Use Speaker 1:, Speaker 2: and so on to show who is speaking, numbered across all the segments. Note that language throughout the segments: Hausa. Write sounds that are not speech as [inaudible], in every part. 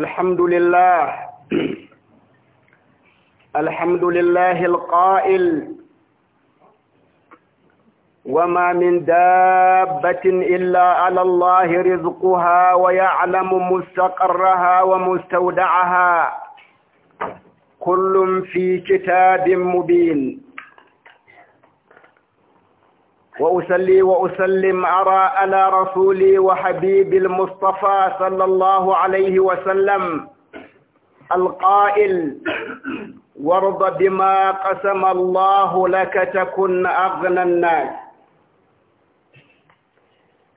Speaker 1: الحمد لله [clears throat] الحمد لله القائل وما من دابة إلا على الله رزقها ويعلم مستقرها ومستودعها كل في كتاب مبين وأسلي وأسلم أرى على رسولي وحبيبي المصطفى صلى الله عليه وسلم القائل وارض بما قسم الله لك تكن أغنى الناس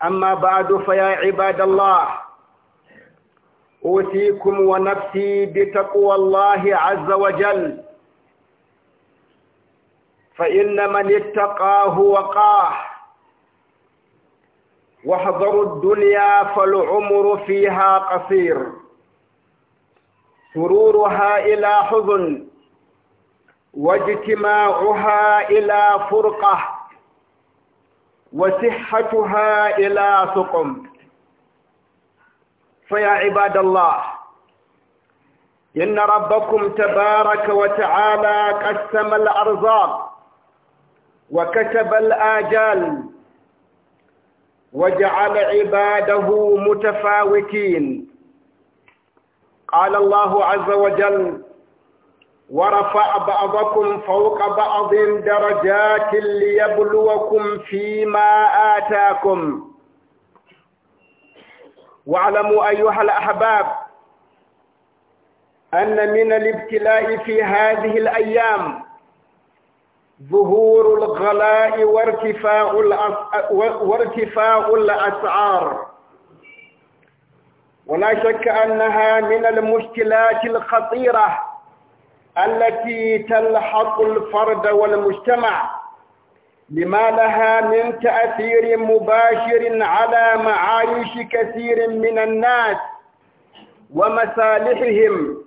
Speaker 1: أما بعد فيا عباد الله أوصيكم ونفسي بتقوى الله عز وجل فإن من اتقاه وقاه واحذروا الدنيا فالعمر فيها قصير سرورها إلى حزن واجتماعها إلى فرقة وصحتها إلى سقم فيا عباد الله إن ربكم تبارك وتعالى قسم الأرزاق وكتب الآجال وجعل عباده متفاوتين قال الله عز وجل ورفع بعضكم فوق بعض درجات ليبلوكم فيما آتاكم واعلموا أيها الأحباب أن من الابتلاء في هذه الأيام ظهور الغلاء وارتفاع وارتفاع الأسعار ولا شك أنها من المشكلات الخطيرة التي تلحق الفرد والمجتمع لما لها من تأثير مباشر على معايش كثير من الناس ومصالحهم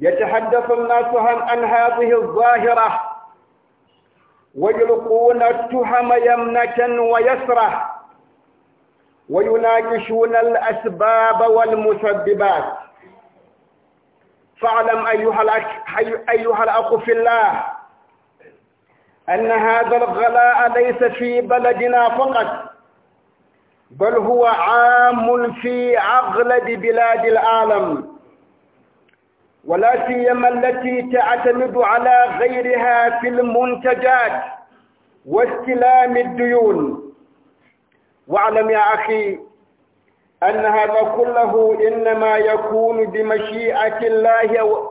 Speaker 1: يتحدث الناس عن هذه الظاهرة ويلقون التهم يمنة ويسرة ويناقشون الأسباب والمسببات فاعلم أيها الأخ, أيها الأخ في الله أن هذا الغلاء ليس في بلدنا فقط بل هو عام في أغلب بلاد العالم ولا سيما التي تعتمد على غيرها في المنتجات واستلام الديون واعلم يا أخي أن هذا كله إنما يكون بمشيئة الله و...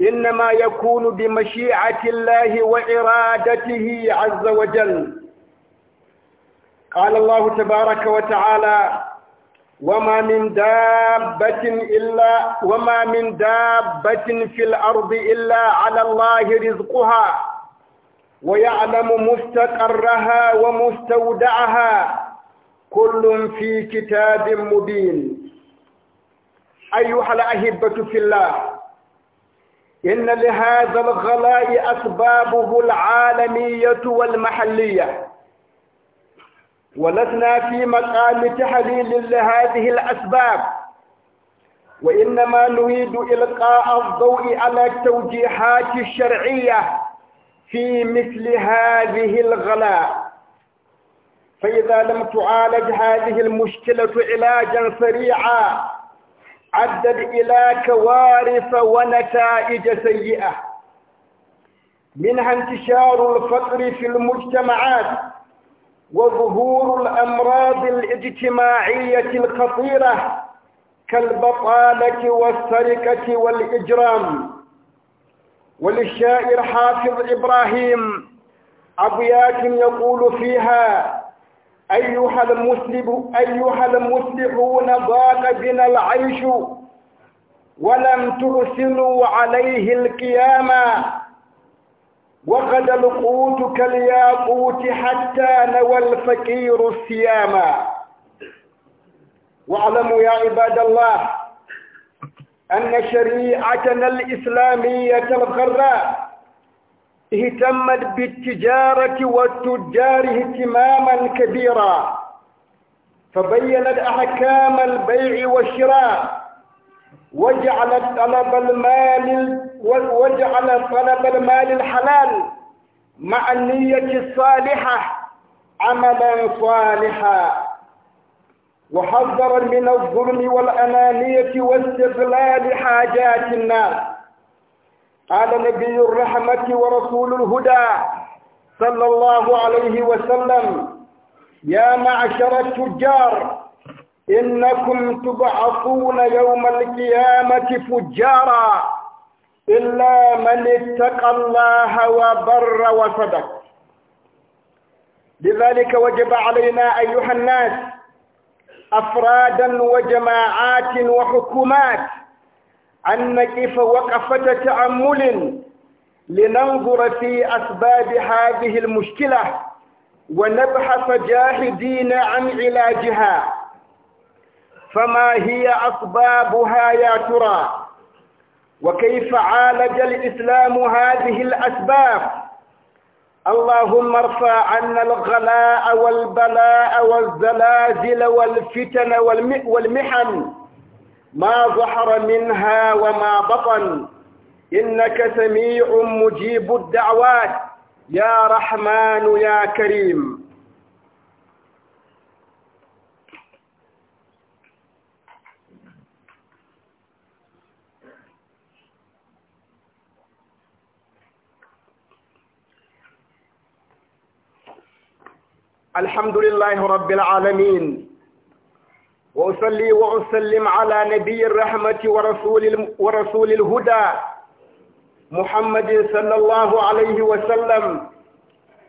Speaker 1: إنما يكون بمشيئة الله وإرادته عز وجل قال الله تبارك وتعالى وما من دابة إلا وما من دابة في الأرض إلا على الله رزقها ويعلم مستقرها ومستودعها كل في كتاب مبين أيها الأحبة في الله إن لهذا الغلاء أسبابه العالمية والمحلية ولسنا في مقام تحليل لهذه الأسباب وإنما نريد إلقاء الضوء على التوجيهات الشرعية في مثل هذه الغلاء فإذا لم تعالج هذه المشكلة علاجا سريعا أدت إلى كوارث ونتائج سيئة منها انتشار الفقر في المجتمعات وظهور الأمراض الاجتماعية الخطيرة كالبطالة والسرقة والإجرام وللشاعر حافظ إبراهيم أبيات يقول فيها أيها المسلم أيها المسلمون ضاق بنا العيش ولم ترسلوا عليه القيامة وقد القوت كالياقوت حتى نوى الفقير الصيام واعلموا يا عباد الله أن شريعتنا الإسلامية الغراء اهتمت بالتجارة والتجار اهتماما كبيرا فبينت أحكام البيع والشراء وجعل طلب المال وجعل طلب المال الحلال مع النية الصالحة عملا صالحا وحذرا من الظلم والأنانية واستغلال حاجات الناس قال نبي الرحمة ورسول الهدى صلى الله عليه وسلم يا معشر التجار إنكم تبعثون يوم القيامة فجارا إلا من اتقى الله وبر وصدق لذلك وجب علينا أيها الناس أفرادا وجماعات وحكومات أن نقف وقفة تأمل لننظر في أسباب هذه المشكلة ونبحث جاهدين عن علاجها فما هي أسبابها يا ترى وكيف عالج الإسلام هذه الأسباب اللهم ارفع عنا الغلاء والبلاء والزلازل والفتن والمحن ما ظهر منها وما بطن إنك سميع مجيب الدعوات يا رحمن يا كريم الحمد لله رب العالمين وأصلي وأسلم على نبي الرحمة ورسول, ورسول الهدى محمد صلى الله عليه وسلم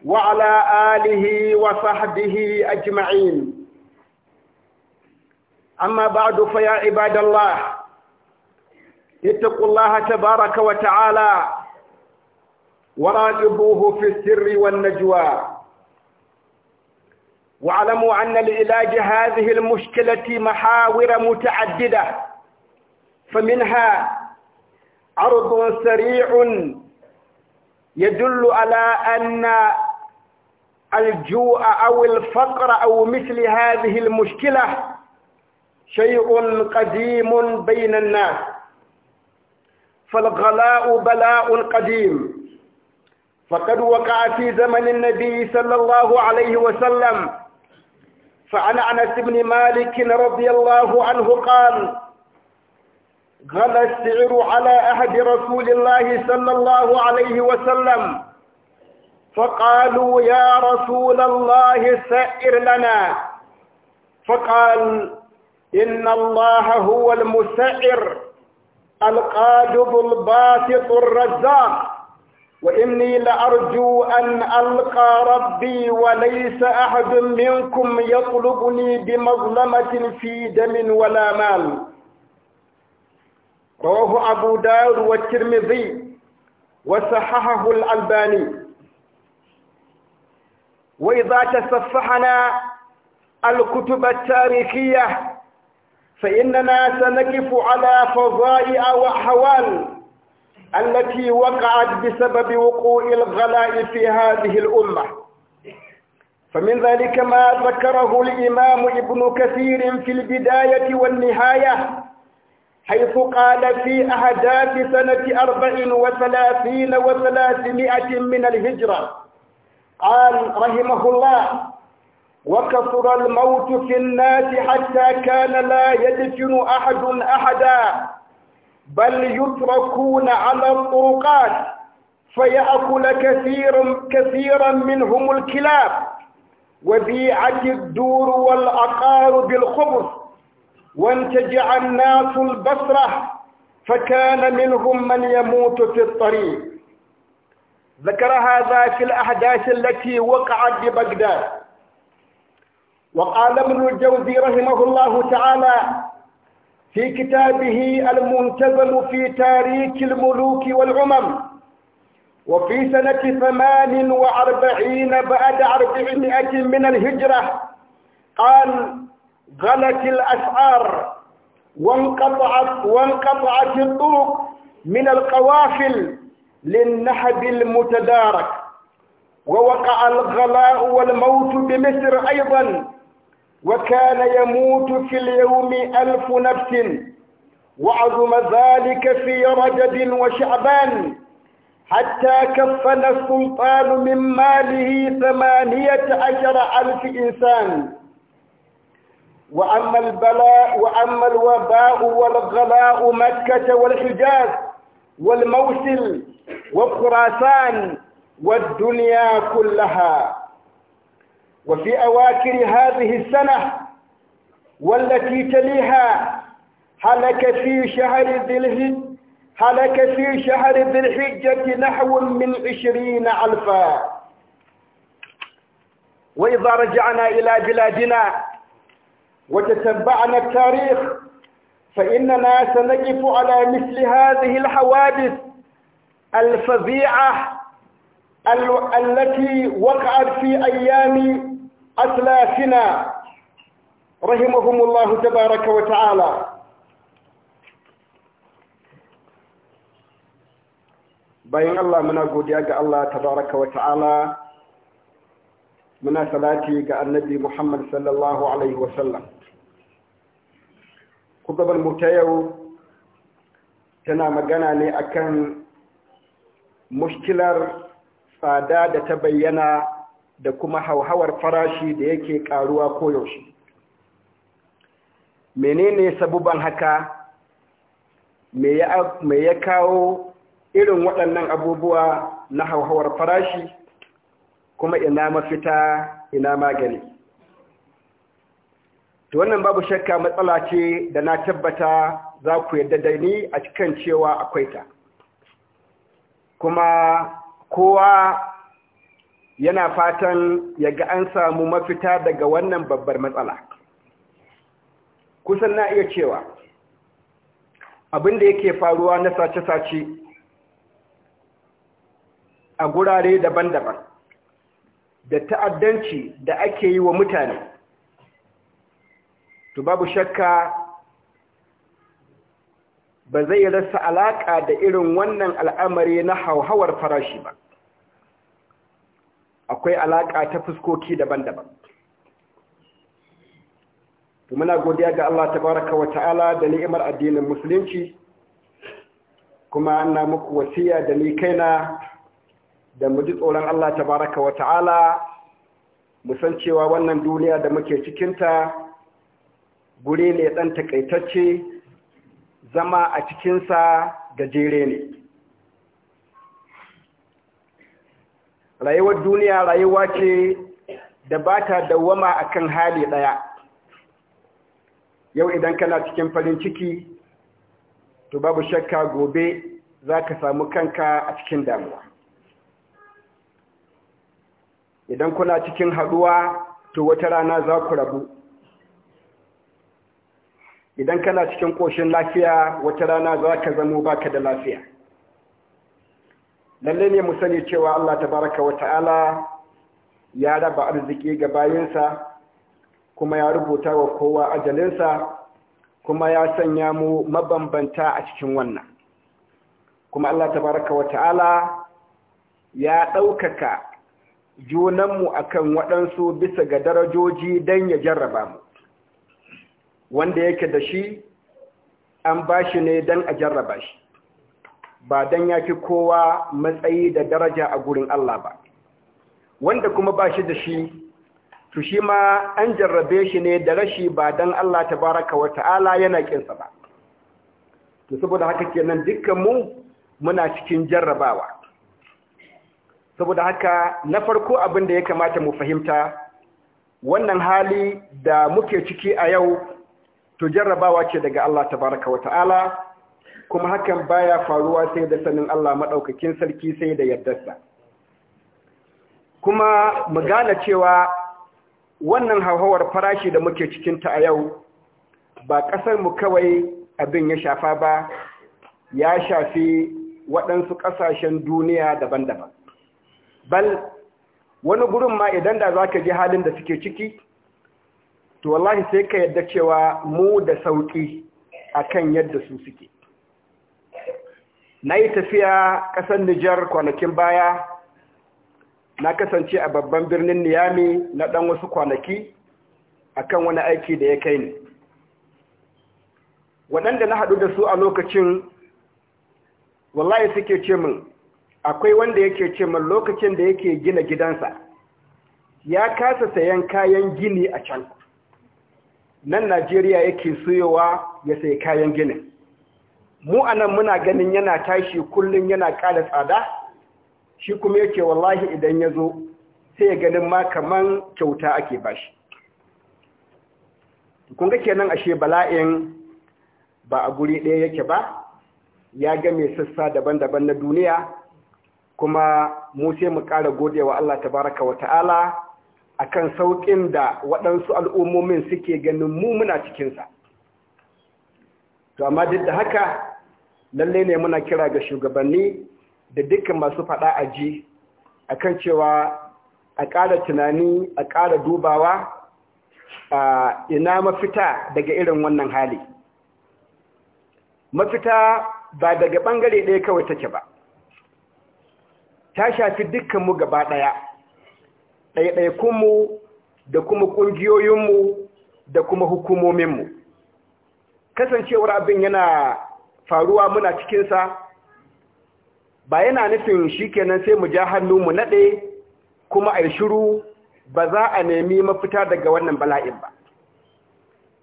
Speaker 1: وعلى آله وصحبه أجمعين أما بعد فيا عباد الله اتقوا الله تبارك وتعالى وراقبوه في السر والنجوى واعلموا أن لعلاج هذه المشكلة محاور متعددة فمنها عرض سريع يدل على أن الجوع أو الفقر أو مثل هذه المشكلة شيء قديم بين الناس فالغلاء بلاء قديم فقد وقع في زمن النبي صلى الله عليه وسلم فعن انس بن مالك رضي الله عنه قال غلى السعر على عهد رسول الله صلى الله عليه وسلم فقالوا يا رسول الله سائر لنا فقال إن الله هو المسعر القادر الباسط الرزاق وإني لأرجو أن ألقى ربي وليس أحد منكم يطلبني بمظلمة في دم ولا مال رواه أبو داود والترمذي وصححه الألباني وإذا تصفحنا الكتب التاريخية فإننا سنقف على فضائع وأحوال التي وقعت بسبب وقوع الغلاء في هذه الأمة فمن ذلك ما ذكره الإمام ابن كثير في البداية والنهاية حيث قال في أهداف سنة أربع وثلاثين وثلاثمائة من الهجرة قال رحمه الله وكثر الموت في الناس حتى كان لا يدفن أحد أحدا بل يتركون على الطرقات فيأكل كثير كثيرا منهم الكلاب وبيعت الدور والعقار بالخبز وانتجع الناس البصرة فكان منهم من يموت في الطريق ذكر هذا في الأحداث التي وقعت ببغداد وقال ابن الجوزي رحمه الله تعالى في كتابه المنتظم في تاريخ الملوك والأمم وفي سنة ثمان وأربعين بعد أربعمائة من الهجرة قال غلت الأسعار وانقطعت وانقطعت الطرق من القوافل للنحب المتدارك ووقع الغلاء والموت بمصر أيضا وكان يموت في اليوم ألف نفس وعظم ذلك في رجب وشعبان حتى كفن السلطان من ماله ثمانية عشر ألف إنسان وأما البلاء وأما الوباء والغلاء مكة والحجاز والموصل وخراسان والدنيا كلها وفي أواخر هذه السنة والتي تليها هلك في شهر ذي هلك في شهر ذي الحجة نحو من عشرين ألفا وإذا رجعنا إلى بلادنا وتتبعنا التاريخ فإننا سنقف على مثل هذه الحوادث الفظيعة التي وقعت في أيام أسلافنا رحمهم الله تبارك وتعالى bayan Allah muna godiya ga Allah tabaraka wa ta'ala muna salati ga annabi Muhammad sallallahu alaihi wa sallam kutubar mu ta yau tana magana ne akan mushkilar tsada da ta bayyana da kuma hauhawar farashi da yake karuwa koyaushe menene sabuban haka me ya kawo irin waɗannan abubuwa na hauhawar farashi kuma ina mafita ina magani to wannan babu shakka matsala ce da na tabbata za ku yadda da ni a cikin cewa akwai ta kuma kowa yana fatan ya ga an samu mafita daga wannan babbar matsala kusan na iya cewa abin da yake faruwa na sace-sace a gurare daban-daban da ta'addanci da ake yi wa mutane to babu shakka ba zai rasa alaƙa da irin wannan al'amari na hauhawar farashi ba akwai alaƙa ta fuskoki daban-daban muna godiya ga Allah tabaraka wa ta'ala da ni'imar addinin musulunci kuma ina muku wasiya da ni kaina da mu ji tsoron Allah tabaraka wa ta'ala mu san cewa wannan duniya da muke cikinta guri ne ɗan takaitacce zama a cikinsa gajere ne rayuwar duniya rayuwa ce da ba ta dawwama a kan hali ɗaya yau idan kana cikin farin ciki to babu shakka gobe za ka samu kanka a cikin damuwa idan kuna cikin haɗuwa to wata rana za ku rabu idan kana cikin ƙoshin lafiya wata rana za ka zamo baka da lafiya lalle ne mu sani cewa Allah tabaraka wa ta'ala ya raba arziki ga bayinsa kuma ya rubuta wa kowa ajalinsa kuma ya sanya mu mabambanta a cikin wannan kuma Allah tabaraka wa ta'ala ya ɗaukaka mu akan waɗansu bisa ga darajoji don ya jarraba mu wanda yake da shi an ba shi ne don a jarraba shi ba don ya fi kowa matsayi da daraja a gurin Allah ba wanda kuma ba shi da shi to shi ma an jarrabe shi ne da rashi ba don Allah Ta baraka wa ta'ala yana kinsa ba to saboda haka kenan dukkanmu muna cikin jarrabawa saboda haka na farko abin da ya kamata mu fahimta wannan hali da muke ciki a yau to jarrabawa ce daga Allah Ta baraka wa ta'ala kuma hakan baya faruwa sai da sanin Allah maɗaukakin sarki sai da yardarsa kuma mu gane cewa wannan hauhawar farashi da muke cikinta a yau ba mu kawai abin ya shafa ba ya shafi waɗansu ƙasashen duniya daban-daban bal wani gurin ma idan da zaka ji halin da suke ciki to wallahi sai ka yadda cewa mu da sauƙi a kan yadda su suke na yi tafiya ƙasar Nijar kwanakin baya na kasance a babban birnin Niyami na ɗan wasu kwanaki a kan wani aiki da ya kai ni. Waɗanda na haɗu da su a lokacin wallahi suke ce min akwai wanda yake ce min lokacin da yake gina gidansa ya kasa sayan kayan gini a can. Nan Najeriya yake suyowa ya sayi kayan ginin. mu anan muna ganin yana tashi kullum yana ƙara tsada shi kuma yake wallahi idan ya zo sai ya ganin ma kaman kyauta ake bashi kun ga kenan ashe bala'in ba a guri ɗaya yake ba ya ga mai sassa daban-daban na duniya kuma mu sai mu ƙara gode wa Allah tabaraka wa ta'ala akan sauƙin da waɗansu al'ummomin suke ganin mu muna cikinsa to amma duk da haka Lallai ne muna kira ga shugabanni da dukkan masu faɗa a ji a kan cewa a ƙara tunani a ƙara dubawa a ina mafita daga irin wannan hali mafita ba daga ɓangare ɗaya kawai take ba ta shafi dukkanmu gaba ɗaya ɗaiɗaikunmu da kuma ƙungiyoyinmu da kuma hukumominmu kasancewar abin yana faruwa muna cikinsa ba yana nufin shi kenan sai mu ja hannu mu naɗe kuma a shiru ba za a nemi mafita daga wannan bala'in ba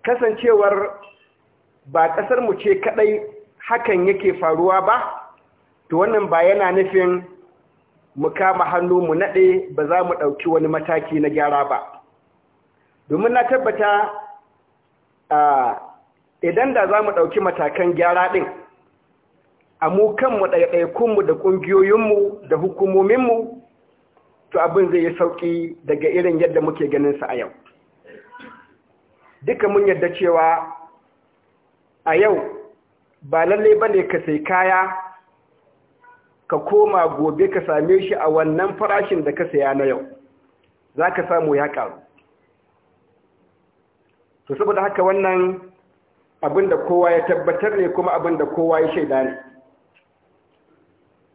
Speaker 1: kasancewar ba mu ce kaɗai hakan yake faruwa ba to wannan ba yana nufin mu kama hannu mu naɗe ba za mu ɗauki wani mataki na gyara ba domin na tabbata idan da za mu ɗauki matakan gyara ɗin a mu kanmu ɗaiɗaikunmu da ƙungiyoyinmu da hukumominmu to abin zai yi sauƙi daga irin yadda muke ganinsa a yau duka mun yadda cewa a yau ba lallai ba ne ka sai kaya ka koma gobe ka same shi a wannan farashin da ka saya na yau za ka samu ya ƙaru to saboda haka wannan abinda kowa ya tabbatar ne kuma abinda kowa ya shaida ne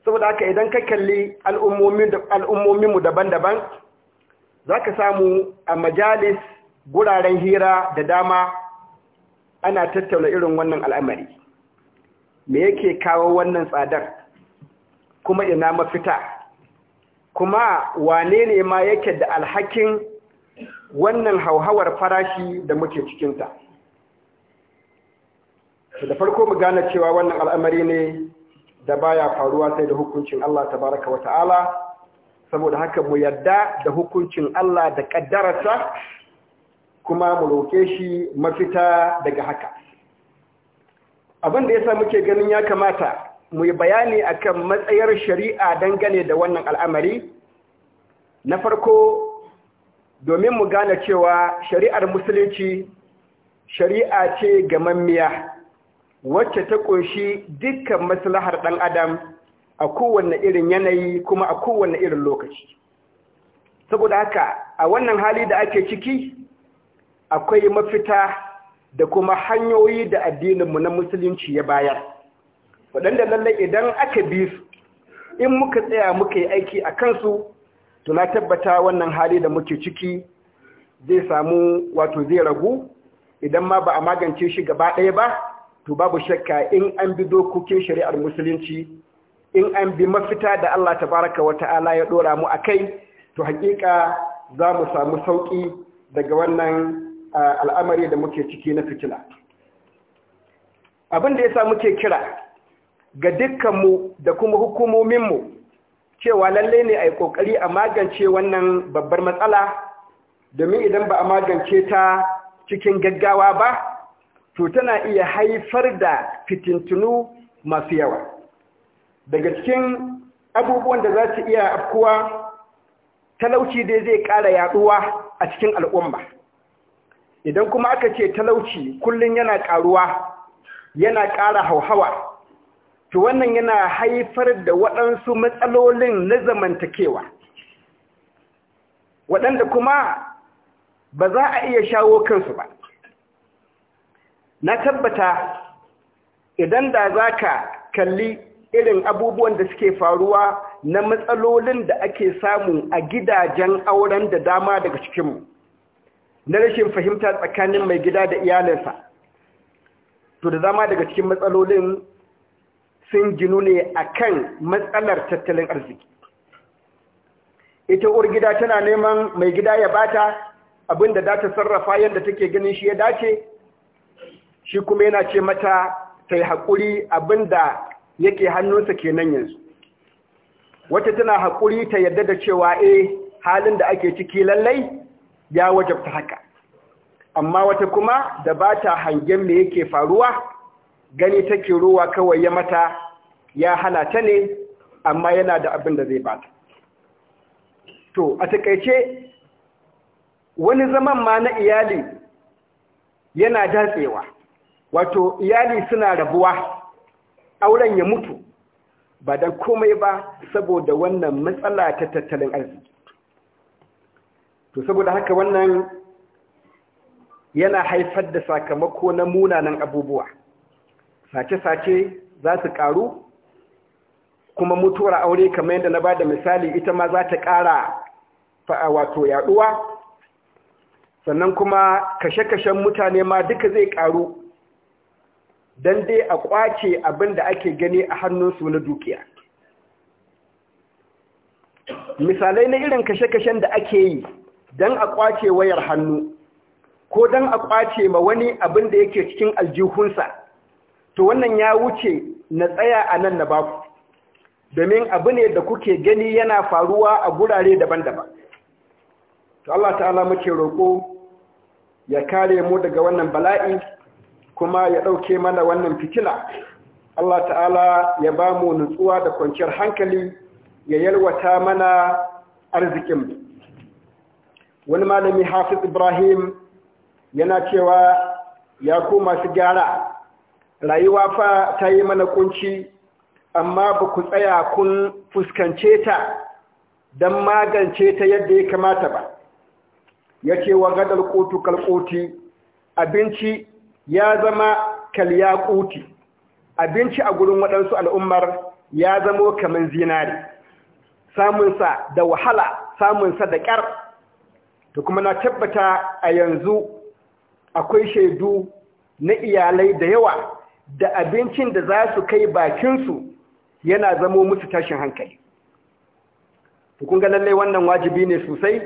Speaker 1: saboda haka idan ka kalli al'ummominmu daban-daban za ka samu a majalis guraren hira da dama ana tattauna irin wannan al'amari me yake kawo wannan tsadar kuma ina mafita kuma wane ne ma yake da alhakin wannan hauhawar farashi da muke cikinta da farko mu gane cewa wannan al'amari ne da baya faruwa sai da hukuncin Allah tabaraka wa ta'ala saboda haka mu yadda da hukuncin Allah da kaddararsa kuma mu roke shi mafita daga haka abin da yasa muke ganin ya kamata mu yi bayani akan matsayar shari'a dangane da wannan al'amari na farko domin mu gane cewa shari'ar musulunci shari'a ce gamammiya wacce ta ƙunshi dukkan maslahar ɗan adam a kowane irin yanayi kuma a kowane irin lokaci saboda haka a wannan hali da ake ciki akwai mafita da kuma hanyoyi da addininmu na musulunci ya bayar waɗanda lallai idan aka bi su in muka tsaya muka yi aiki a kansu to na tabbata wannan hali da muke ciki zai samu wato zai ragu idan ma ba a magance shi gaba ɗaya ba to babu shakka in an bi dokokin shari'ar musulunci in an bi mafita da Allah tabaraka wa ta'ala ya dora mu akai to hakika za mu samu sauki daga wannan al'amari da muke ciki na fitila. abin da yasa muke kira ga dukkanmu da kuma hukumomin mu cewa lalle ne a yi kokari a magance wannan babbar matsala domin idan ba a magance ta cikin gaggawa ba to tana iya haifar da fitintunu masu yawa daga cikin abubuwan da za su iya afkuwa talauci dai zai ƙara yaduwa a cikin al'umma idan kuma aka ce talauci kullum yana ƙaruwa yana ƙara hauhawa to wannan yana haifar da waɗansu matsalolin na zamantakewa waɗanda kuma ba za a iya shawo kansu ba na tabbata idan da za ka kalli irin abubuwan da suke faruwa na matsalolin da ake samu a gidajen auren da dama daga cikinmu na rashin fahimta tsakanin mai gida da iyalinsa to da dama daga cikin matsalolin sun ginu ne a kan matsalar tattalin arziki ita uwar gida tana neman mai gida ya bata abinda da ta sarrafa yadda take ganin shi ya dace shi kuma yana ce mata ta yi haƙuri abinda yake hannunsa kenan yanzu wata tana haƙuri ta yadda da cewa eh halin da ake ciki lallai ya wajabta haka amma wata kuma da ba ta hangen me yake faruwa gani take ruwa kawai ya mata ya hana ta ne amma yana da abin da zai bata to a takaice wani zaman ma na iyali yana datsewa wato iyali suna rabuwa auren ya mutu ba da komai ba saboda wannan matsala ta tattalin arziki to saboda haka wannan yana haifar da sakamako na munanan abubuwa sace-sace za su karu kuma mutuwar aure kamar yadda na ba da misali ita ma za ta kara wato yaduwa sannan kuma kashe-kashen mutane ma duka zai karu don dai a kwace abin da ake gani a hannunsu na dukiya misalai na irin kashe-kashen da ake yi don a kwace wayar hannu ko don a kwace ma wani abin da yake cikin aljihunsa to wannan ya wuce na tsaya a nan na baku domin abu ne da kuke gani yana faruwa a gurare daban-daban to Allah ta'ala muke roƙo ya kare mu daga wannan bala'i kuma ya ɗauke mana wannan fitila Allah ta'ala ya ba mu nutsuwa da kwanciyar hankali ya yalwata mana arzikin wani malami hafiz ibrahim yana cewa ya koma su gyara rayuwa fa ta yi mana kunci amma ba ku tsaya kun fuskance ta don magance ta yadda ya kamata ba ya ce wa gadar kotu kalkoti abinci ya zama kalyakuti abinci a gurin waɗansu al'ummar ya zama kamar zinari samunsa da wahala samunsa da ƙyar Da kuma na tabbata a yanzu akwai shaidu na iyalai da yawa da abincin da za su kai bakinsu yana zamo musu tashin hankali hukun ganin wannan wajibi ne sosai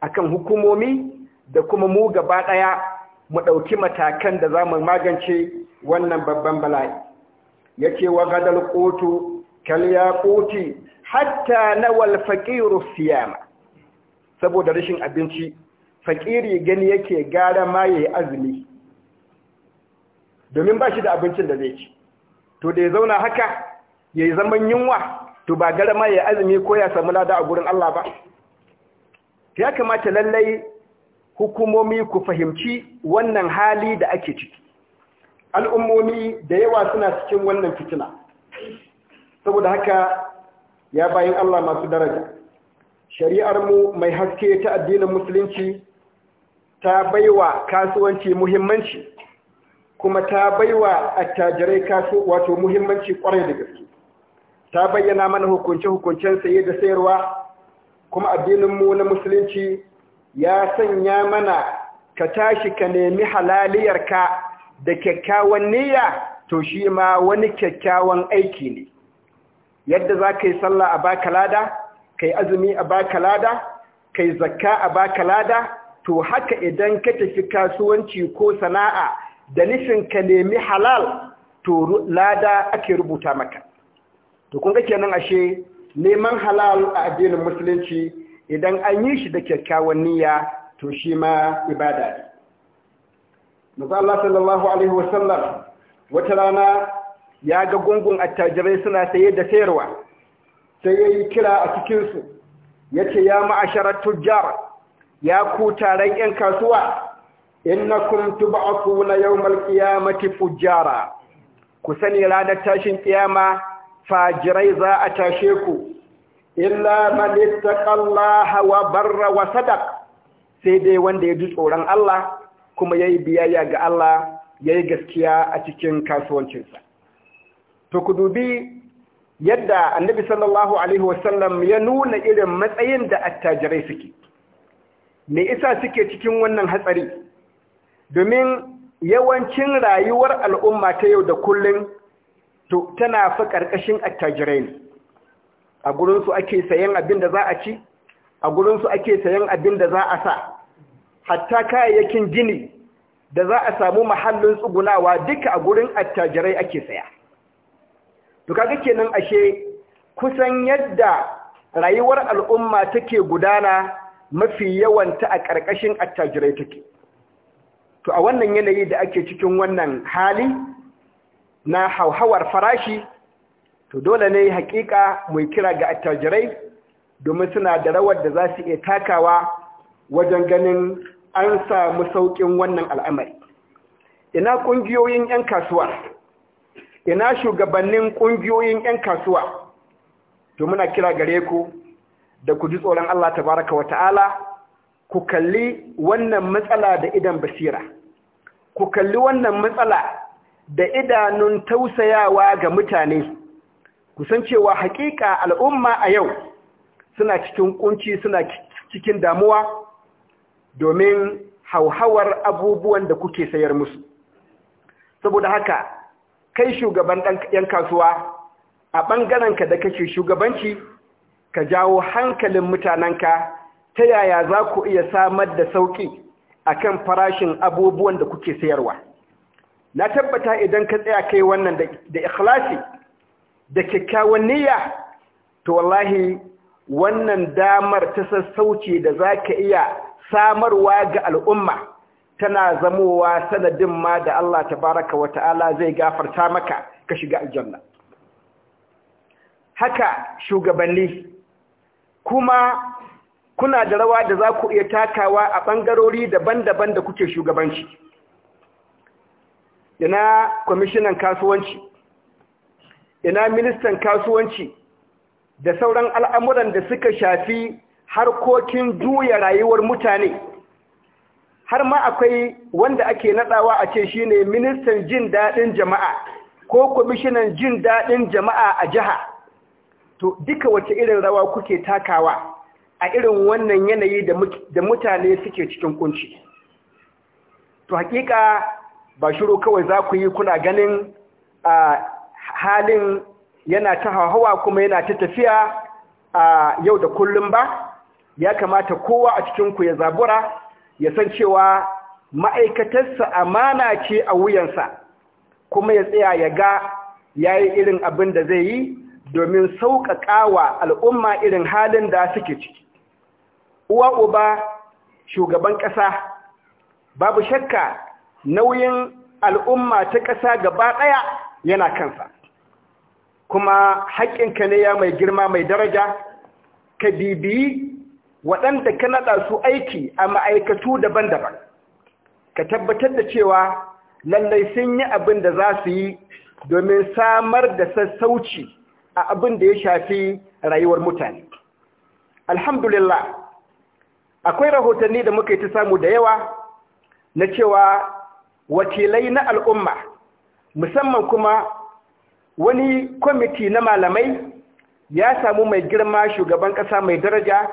Speaker 1: akan hukumomi da kuma mu gaba ɗaya mu ɗauki matakan da za mu magance wannan babban bala'i ya ce wa gadal kotu kalya kotu hatta na walfaƙiru siyama saboda rashin abinci faƙiri gani yake gara ma ya yi azumi domin ba shi da abincin da zai ci to da ya zauna haka ya yi zaman yunwa to ba gara ma ya yi azumi ko ya samu lada a gurin Allah ba ya kamata lallai hukumomi ku fahimci wannan hali da ake ciki al'ummomi da yawa suna cikin wannan fitina saboda haka ya bayan Allah masu daraja Shari'armu mai haske ta addinin musulunci ta baiwa kasuwanci muhimmanci kuma ta baiwa attajirai kasu wato muhimmanci kwarai da gaske ta bayyana mana hukunce-hukuncen saye da sayarwa kuma addininmu na musulunci ya sanya mana ka tashi ka nemi halaliyarka da kyakkyawan niyya to shi ma wani kyakkyawan aiki ne yadda za ka yi sallah a baka lada ka yi azumi a baka lada ka yi zakka a baka lada to haka idan ka tafi kasuwanci ko sana'a da nufin ka nemi halal to lada ake rubuta maka to kun ga kenan ashe neman halal a addinin musulunci idan an yi shi da kyakkyawan niyya to shi ma ibada ne maza sallallahu alaihi wasallam wata rana ya ga gungun attajirai suna saye da sayarwa sai ya yi kira a cikinsu ya ce ya ma'ashara tujjar ya ku taron 'yan kasuwa innakum tub'athuna yawmal qiyamati fujjara ku sani ranar tashin kiyama fajirai za a tashe ku illa man ittaqallaha wa barra wa sadaq sai dai wanda ya ji tsoron Allah kuma yayi biyayya ga Allah yayi gaskiya a cikin kasuwancinsa to ku dubi yadda annabi sallallahu alaihi wasallam ya nuna irin matsayin da attajirai suke me isa suke cikin wannan hatsari domin yawancin rayuwar al'umma ta yau da kullun, to tana fa ƙarƙashin attajirai ne a gurinsu ake sayan abin da za a ci a gurinsu ake sayan abin da za a sa hatta kayayyakin gini da za a samu muhallin tsugunawa duka a gurin attajirai ake saya to kaga kenan ashe kusan yadda rayuwar al'umma take gudana mafi yawanta a ƙarƙashin attajirai take to a wannan yanayi da ake cikin wannan hali na hauhawar farashi to dole ne hakika mu kira ga attajirai domin suna da rawar da za su iya takawa wajen ganin an samu sauƙin wannan al'amari ina ƙungiyoyin 'yan kasuwa ina shugabannin ƙungiyoyin 'yan kasuwa to muna kira gare ku da ku ji tsoron Allah tabaraka wa ta'ala ku kalli wannan matsala da idan basira ku kalli wannan matsala da idanun tausayawa ga mutane kusan cewa hakika al'umma a yau suna cikin kunci suna cikin damuwa domin hauhawar abubuwan da kuke sayar musu saboda haka kai shugaban ɗan kasuwa a ka da kake shugabanci ka jawo hankalin mutanenka ta yaya za ku iya samar da sauƙi a kan farashin abubuwan da kuke sayarwa na tabbata idan ka tsaya kai wannan da ikhlasi da kyakkyawan niyya to wallahi wannan damar ta sassauci da za ka iya samarwa ga al'umma tana zamowa sanadin ma da Allah ta baraka wa ta'ala zai gafarta maka ka shiga aljanna haka shugabanni kuma kuna da rawa da za ku iya takawa a ɓangarori daban-daban da kuke shugabanci Ina kwamishinan kasuwanci ina ministan kasuwanci da sauran al'amuran da suka shafi harkokin juya rayuwar mutane har ma akwai wanda ake nadawa a ce shi ne ministan jin daɗin jama'a ko kwamishinan jin daɗin jama'a a jiha to duka wace irin rawa kuke takawa a irin wannan yanayi da mutane suke cikin kunci to hakika ba shiru kawai za ku yi kuna ganin a ah, halin yana ta hawa kuma yana ta tafiya a yau da kullum ba ya kamata kowa a cikinku ya zabura ya san cewa ma'aikatarsa amana ce a wuyansa kuma ya tsaya ya ga ya yi irin abin da zai yi domin sauƙaƙa wa al'umma irin halin da suke ciki uwa uba shugaban ƙasa babu shakka nauyin al'umma ta ƙasa gaba ɗaya yana kansa kuma haƙƙinka ne ya mai girma mai daraja ka bibiyi waɗanda ka naɗa su aiki a ma'aikatu daban-daban ka tabbatar da cewa lallai sun yi abin da za su yi domin samar da sassauci a abin da ya shafi rayuwar mutane alhamdulillah akwai rahotanni da muka yi ta samu da yawa na cewa wakilai na al'umma musamman kuma wani kwamiti na malamai ya samu mai girma shugaban ƙasa mai daraja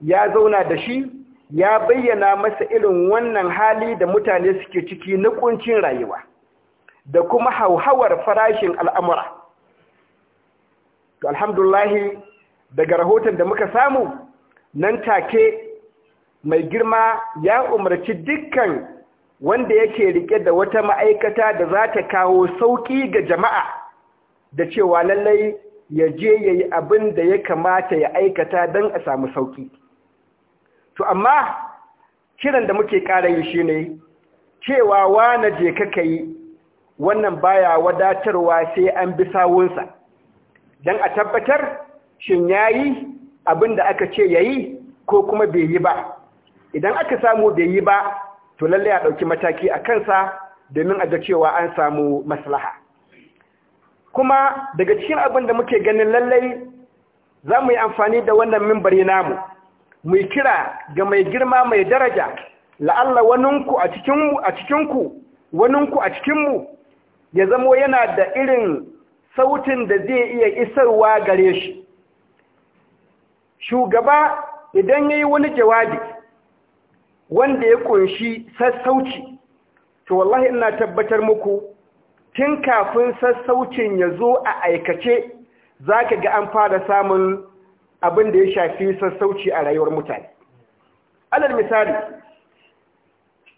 Speaker 1: ya zauna da shi ya bayyana masa irin wannan hali da mutane suke ciki na ƙuncin rayuwa da kuma hauhawar farashin al'amura. Alhamdulahi daga rahoton da muka samu nan take mai girma ya umarci dukkan wanda yake rike da wata ma'aikata da za ta kawo sauƙi ga jama'a da cewa lallai ya je ya yi abin da ya kamata ya aikata don a samu sauki to amma kiran da muke ƙara yi shi ne cewa wane je kaka yi wannan baya wadatarwa sai an bi sawunsa don a tabbatar shin ya yi abin da aka ce ya yi ko kuma bai yi ba idan aka samu bai yi ba to lallai a ɗauki mataki a kansa domin a ga cewa an samu maslaha kuma daga cikin abin da muke ganin lallai za mu yi amfani da wannan mimbari namu mu yi kira ga mai girma mai daraja la'alla waninku a cikinku a cikinku waninku a cikinmu ya zamo yana da irin sautin da zai iya isarwa gare shi shugaba idan ya yi wani jawabi wanda ya kunshi sassauci to wallahi ina tabbatar muku tun kafin sassaucin ya zo a aikace za ka ga an fara samun abin da ya shafi sassauci a rayuwar mutane alal misali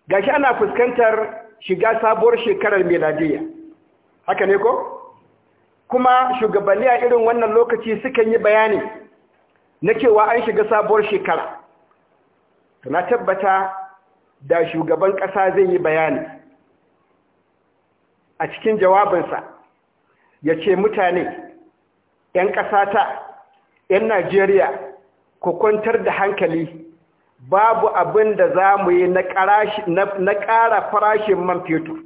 Speaker 1: gashi ana fuskantar shiga sabuwar shekarar mai meladiya haka ne ko kuma shugabanni a irin wannan lokaci sukan yi bayani na cewa an shiga sabuwar shekara na tabbata da shugaban ƙasa zai yi bayani a cikin jawabinsa ya ce mutane 'yan ƙasata 'yan najeriya ku kwantar da hankali babu abin da za mu yi na ƙara farashin man fetur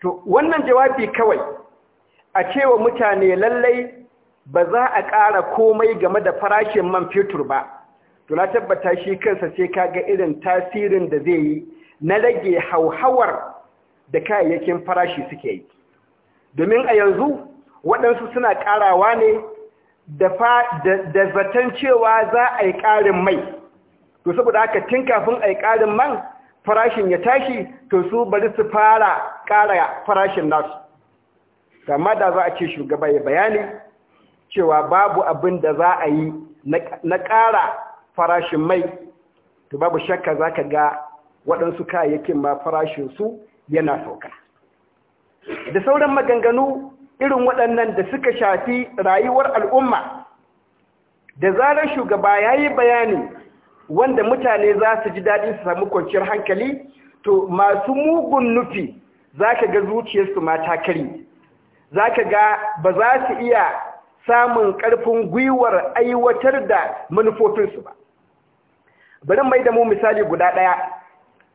Speaker 1: to wannan jawabi kawai a cewa mutane lallai ba za a ƙara komai game da farashin man fetur ba to na tabbata shi kansa sai ka ga irin tasirin da zai yi na rage hauhawar da kayayyakin farashi suke yi domin a yanzu waɗansu suna ƙarawa ne da zaton cewa za a yi ƙarin mai to saboda haka tun kafin a yi ƙarin man farashin ya tashi to su bari su fara ƙara farashin nasu kama da za a ce shugaba ya bayani cewa babu abin da za a yi na ƙara farashin mai to babu shakka za ka ga waɗansu kayayyakin ma farashinsu yana sauka da sauran maganganu irin waɗannan da suka shafi rayuwar al'umma da zarar shugaba ya yi bayani wanda mutane za su ji daɗin su samu kwanciyar hankali to masu mugun nufi za ka ga zuciyarsu mata kari za ka ga ba za su iya samun ƙarfin gwiwar aiwatar da manufofinsu ba bari mai da mu misali guda ɗaya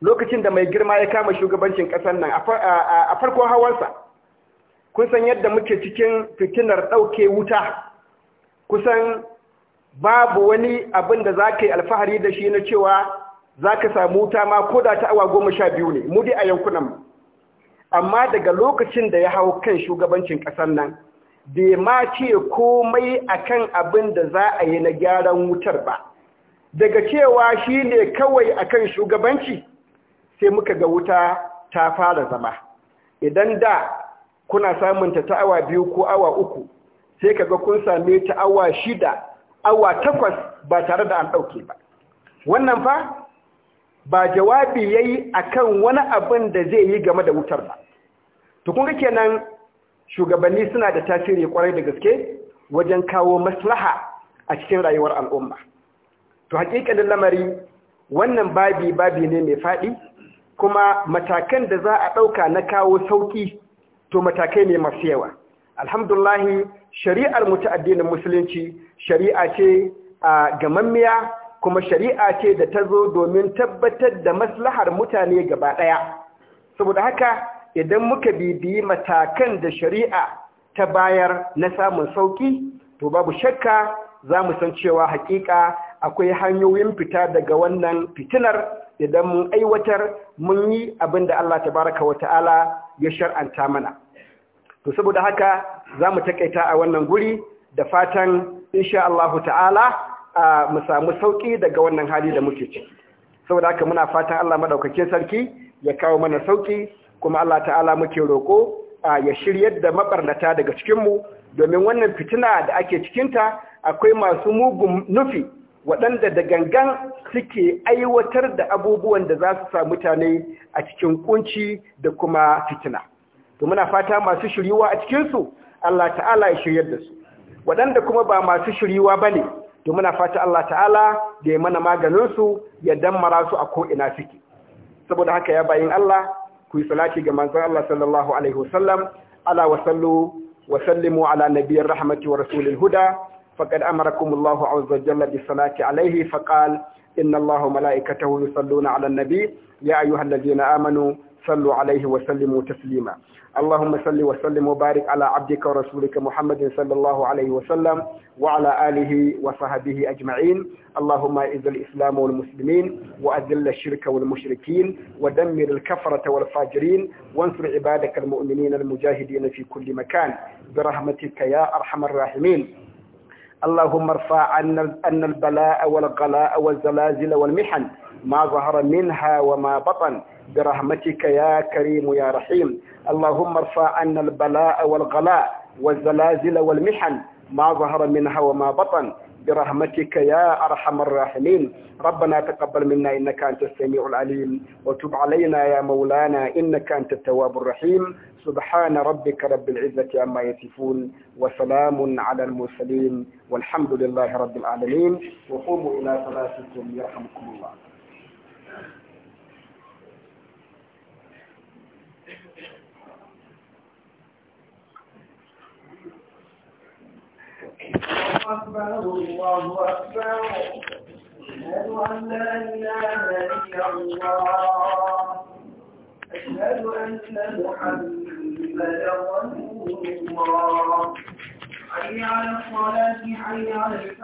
Speaker 1: lokacin da mai girma ya kama shugabancin ƙasar nan a farkon hawansa kun san yadda muke cikin fitinar ɗauke wuta kusan babu wani abin da za ka yi alfahari da shi na cewa za ka samu wuta ma ko da ta awa goma sha biyu ne mu dai a yankunan amma daga lokacin da ya hau kan shugabancin ƙasar nan bai ma ce komai akan abin da za a yi na gyaran wutar ba daga cewa shi ne kawai akan shugabanci sai muka ga wuta ta fara zama idan da kuna samunta ta awa biyu ko awa uku sai ka ga kun same ta awa shida awa takwas ba tare da an ɗauke ba wannan fa ba jawabi ya yi a kan wani abin da zai yi game da wutar ba tukunga kenan shugabanni suna da tasiri kwarai da gaske wajen kawo maslaha a cikin rayuwar al'umma to hakikalin lamari wannan babi babi ne mai faɗi kuma matakan da za a ɗauka na kawo sauƙi to matakai ne masu yawa alhamdulahi shari'ar mutu addinin musulunci shari'a ce a gamammiya kuma shari'a ce da ta zo domin tabbatar da maslahar mutane gaba ɗaya saboda haka idan muka bibiyi matakan da shari'a ta bayar na samun sauƙi to babu shakka za mu san cewa hakika akwai hanyoyin fita daga wannan fitinar idan mun aiwatar mun yi abin da Allah tabaraka wa ta'ala ya shar'anta mana to saboda haka za mu taƙaita a wannan guri da fatan insha Allahu ta'ala mu samu sauƙi daga wannan hali da muke ciki saboda haka muna fatan Allah Maɗaukakin sarki ya kawo mana sauƙi, kuma Allah ta'ala muke roƙo ya shiryar da maɓarnata daga cikinmu domin wannan fitina da ake cikinta akwai masu mugun nufi waɗanda da gangan suke aiwatar da abubuwan da za su sa mutane a cikin kunci da kuma fitina. To muna fata masu shiriwa a cikinsu, Allah ta'ala ya shiryar da su. Waɗanda kuma ba masu shiriwa ba ne, to muna fata Allah ta'ala da ya mana maganinsu ya dammara su a ko'ina suke. Saboda haka ya bayin Allah, ku yi salati ga manzon Allah sallallahu Alaihi wasallam, ala wasallu wasallimu ala nabiyar rahmatu wa rasulil huda. فقد أمركم الله عز وجل بالصلاة عليه فقال إن الله ملائكته يصلون على النبي يا أيها الذين آمنوا صلوا عليه وسلموا تسليما اللهم صل وسلم وبارك على عبدك ورسولك محمد صلى الله عليه وسلم وعلى آله وصحبه أجمعين اللهم اعز الإسلام والمسلمين وأذل الشرك والمشركين ودمر الكفرة والفاجرين وانصر عبادك المؤمنين المجاهدين في كل مكان برحمتك يا أرحم الراحمين اللهم ارفع عنا أن البلاء والغلاء والزلازل والمحن ما ظهر منها وما بطن برحمتك يا كريم يا رحيم اللهم ارفع عنا البلاء والغلاء والزلازل والمحن ما ظهر منها وما بطن برحمتك يا أرحم الراحمين ربنا تقبل منا إنك أنت السميع العليم وتب علينا يا مولانا إنك أنت التواب الرحيم سبحان ربك رب العزة عما يصفون وسلام على المرسلين والحمد لله رب العالمين وقوموا إلى صلاتكم يرحمكم الله أكبر الله أكبر أشهد أن لا إله إلا الله أشهد أن محمدا رسول الله حي على الصلاة حي على الفلاح